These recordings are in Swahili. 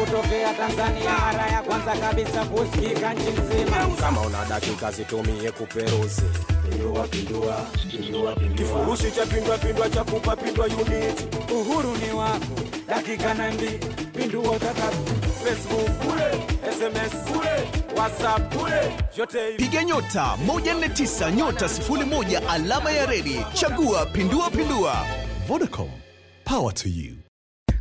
kutokea Tanzania mara ya kwanza kabisa kusikika nchi nzima. Kama una dakika zitumie kuperuzi pindua pindua pindua pindua, kifurushi cha pindua pindua cha kupa pindua unit. Uhuru ni wako, dakika na mbi pindua utakapo. Facebook kule, SMS kule WhatsApp kule yote. Piga nyota 149 nyota 01 alama ya redi, chagua pindua pindua. Vodacom, power to you.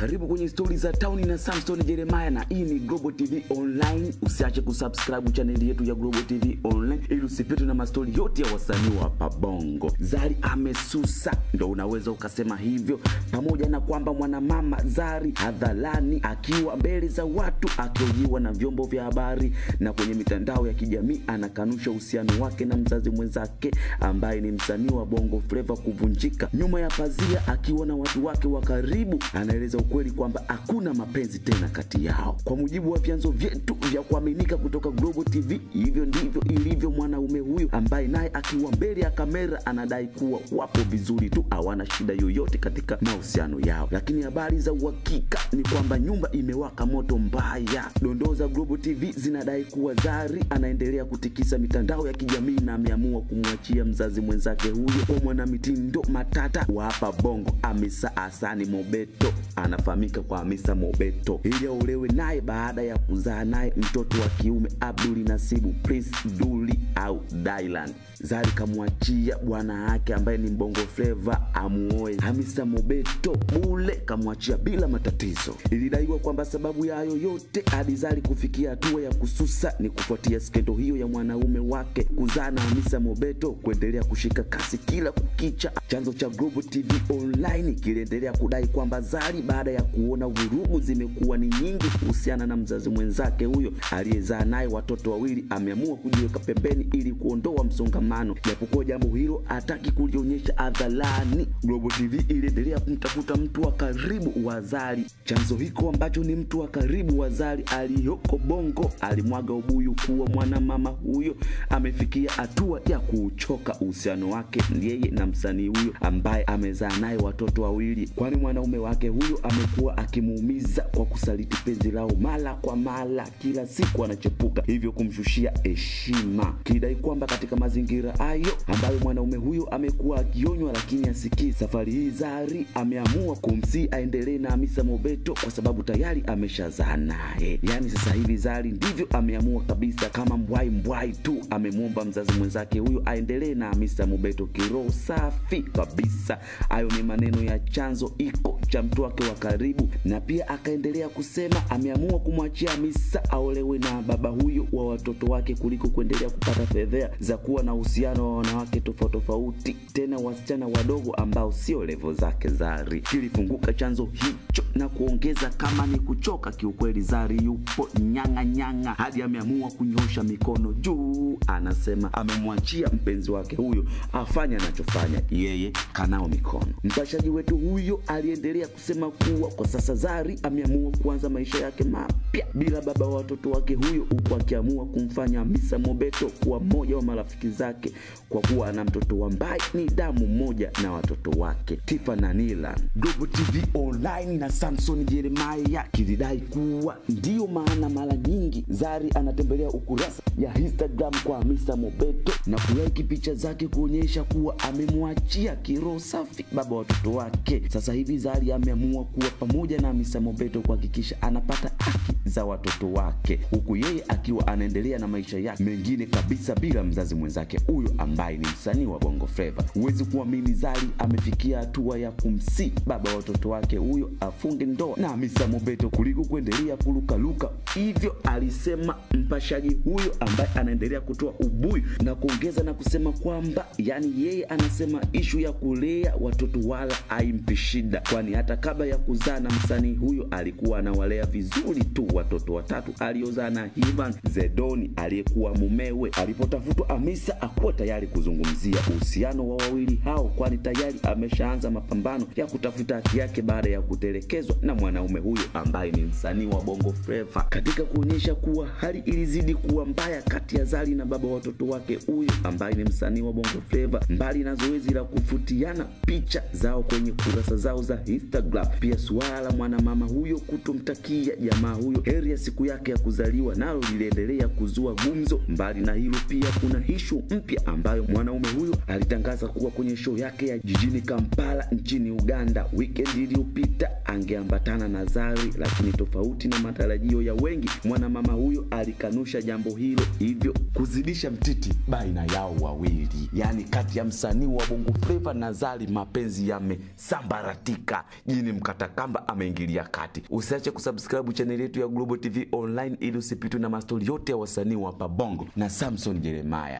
Karibu kwenye stori za tauni na Samson Jeremiah, na hii ni Global TV Online. Usiache kusubscribe chaneli yetu ya Global TV Online ili usipitwe na mastori yote ya wasanii wa pabongo. Zari amesusa, ndo unaweza ukasema hivyo, pamoja na kwamba mwanamama Zari hadharani akiwa mbele za watu, akiojiwa na vyombo vya habari na kwenye mitandao ya kijamii, anakanusha uhusiano wake na mzazi mwenzake ambaye ni msanii wa Bongo Flava kuvunjika. Nyuma ya pazia, akiwa na watu wake wa karibu, anaeleza ukweli kwamba hakuna mapenzi tena kati yao. Kwa mujibu wa vyanzo vyetu vya kuaminika kutoka Global TV, hivyo ndivyo ilivyo. Mwanaume huyu ambaye naye akiwa mbele ya kamera anadai kuwa wapo vizuri tu, hawana shida yoyote katika mahusiano yao, lakini habari za uhakika ni kwamba nyumba imewaka moto mbaya. Dondoo za Global TV zinadai kuwa Zari anaendelea kutikisa mitandao ya kijamii na ameamua kumwachia mzazi mwenzake huyo kwa mwanamitindo matata wa hapa Bongo, amisa asani Mobeto ana anafahamika kwa Hamisa Mobeto ili aolewe naye baada ya kuzaa naye mtoto wa kiume Abdul Nasibu Prince Duli au Dylan. Zari kamwachia bwana yake ambaye ni Mbongo Flava amuoe Hamisa Mobeto. Bule kamwachia bila matatizo. Ilidaiwa kwamba sababu ya hayo yote hadi Zari kufikia hatua ya kususa ni kufuatia skendo hiyo ya mwanaume wake kuzaa na Hamisa Mobeto kuendelea kushika kasi kila kukicha. Chanzo cha Global TV Online kiliendelea kudai kwamba Zari ba baada ya kuona vurugu zimekuwa ni nyingi kuhusiana na mzazi mwenzake huyo aliyezaa naye watoto wawili, ameamua kujiweka pembeni ili kuondoa msongamano, japokuwa jambo hilo hataki kulionyesha adhalani Global TV iliendelea kumtafuta mtu wa karibu wa Zari. Chanzo hiko ambacho ni mtu wa karibu wa Zari aliyoko Bongo alimwaga ubuyu kuwa mwanamama huyo amefikia hatua ya kuuchoka uhusiano wake yeye na msanii huyo ambaye amezaa naye watoto wawili, kwani mwanaume wake huyo amekuwa akimuumiza kwa kusaliti penzi lao mara kwa mara, kila siku anachepuka, hivyo kumshushia heshima, kidai kwamba katika mazingira hayo ambayo mwanaume huyo amekuwa akionywa lakini asikii, safari hii Zari ameamua kumsii aendelee na Hamisa Mobeto kwa sababu tayari ameshazaa naye. Yaani sasa hivi Zari ndivyo ameamua kabisa, kama mbwai mbwai tu, amemwomba mzazi mwenzake huyo aendelee na Hamisa Mobeto kiroho safi kabisa. Hayo ni maneno ya chanzo iko cha mtu wake wa karibu, na pia akaendelea kusema ameamua kumwachia Hamisa aolewe na baba huyo wa watoto wake kuliko kuendelea kupata fedhea za kuwa na uhusiano wa wanawake tofauti tofauti, tena wasichana wadogo ambao sio levo zake. Zari kilifunguka chanzo hicho na kuongeza kama ni kuchoka kiukweli, Zari yupo nyang'a nyang'a hadi ameamua kunyosha mikono juu, anasema amemwachia mpenzi wake huyo afanye anachofanya, yeye kanao mikono. Mpashaji wetu huyo aliendelea kusema ku kuwa kwa sasa Zari ameamua kuanza maisha yake mapya bila baba wa watoto wake huyo, huku akiamua kumfanya misa Mobeto kuwa mmoja wa marafiki zake kwa kuwa ana mtoto ambaye ni damu mmoja na watoto wake Tifa na nila Global TV Online na Samson jeremaya kilidai kuwa ndiyo maana mara nyingi Zari anatembelea ukurasa ya Instagram kwa misa Mobeto na kulaiki picha zake kuonyesha kuwa amemwachia kiroho safi baba watoto wake. Sasa hivi Zari ameamua ku kuwa pamoja na Hamisa Mobeto kuhakikisha anapata haki za watoto wake, huku yeye akiwa anaendelea na maisha yake mengine kabisa bila mzazi mwenzake huyo ambaye ni msanii wa Bongo Flava. Huwezi kuamini Zari amefikia hatua ya kumsi baba watoto wake huyo afunge ndoa na Hamisa Mobeto kuliko kuendelea kulukaluka. Hivyo alisema mpashaji huyo ambaye anaendelea kutoa ubuyu na kuongeza na kusema kwamba yani yeye anasema ishu ya kulea watoto wala haimpi shida, kwani hata kabla ya kuzaa na msanii huyo alikuwa anawalea vizuri tu watoto watatu aliozaa na Ivan Zedoni aliyekuwa mumewe. Alipotafutwa, Hamisa akuwa tayari kuzungumzia uhusiano wa wawili hao, kwani tayari ameshaanza mapambano ya kutafuta haki yake baada ya kutelekezwa na mwanaume huyo ambaye ni msanii wa Bongo Flava. Katika kuonyesha kuwa hali ilizidi kuwa mbaya kati ya Zari na baba watoto wake huyo ambaye ni msanii wa Bongo Flava, mbali na zoezi la kufutiana picha zao kwenye kurasa zao za Instagram, pia swala la mwanamama huyo kutomtakia jamaa huyo heri ya siku yake ya kuzaliwa nalo liliendelea kuzua gumzo. Mbali na hilo, pia kuna hishu mpya ambayo mwanaume huyo alitangaza kuwa kwenye show yake ya jijini Kampala nchini Uganda weekend iliyopita angeambatana na Zari, lakini tofauti na matarajio ya wengi, mwanamama huyo alikanusha jambo hilo, hivyo kuzidisha mtiti baina yao wawili, yani kati ya msanii wa Bongo Flava na Zari, mapenzi yamesambaratika jini mkata kamba ameingilia kati. Usiache kusubscribe chaneli yetu ya Global TV Online ili usipitwe na mastori yote ya wasanii wa Pabongo na Samson Jeremiah.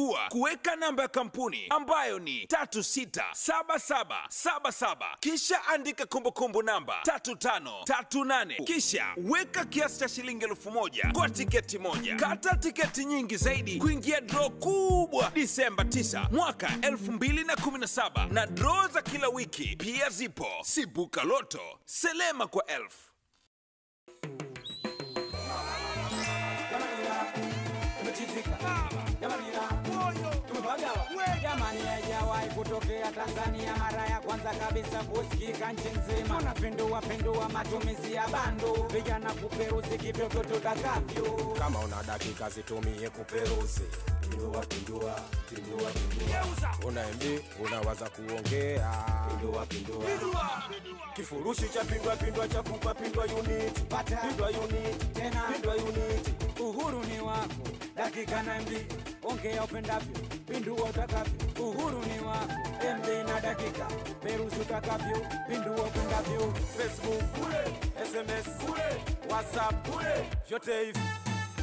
chagua kuweka namba ya kampuni ambayo ni 367777 kisha andika kumbukumbu namba 3538 kisha weka kiasi cha shilingi 1000 kwa tiketi moja. Kata tiketi nyingi zaidi kuingia dro kubwa Disemba 9 mwaka 2017 na, na dro za kila wiki pia zipo. Sibuka Loto, selema kwa Come on. kutokea Tanzania mara ya kwanza kabisa kusikika nchi nzima. unapindua pindua matumizi ya bando, vijana kuperuzi kivyovyote Kama una dakika zitumie kuperuzi pindua, pindua, pindua, pindua. Una MB unawaza kuongea pindua, pindua. Pindua. Kifurushi cha pindua pindua cha kupa pindua unit pata pindua unit tena pindua unit. Uhuru ni wako, dakika na MB, ongea upendavyo, pindua utakavyo. Uhuru ni wako, MB na dakika, peruzi utakavyo, pindua upendavyo. Facebook bure, SMS bure, WhatsApp bure, vyote hivi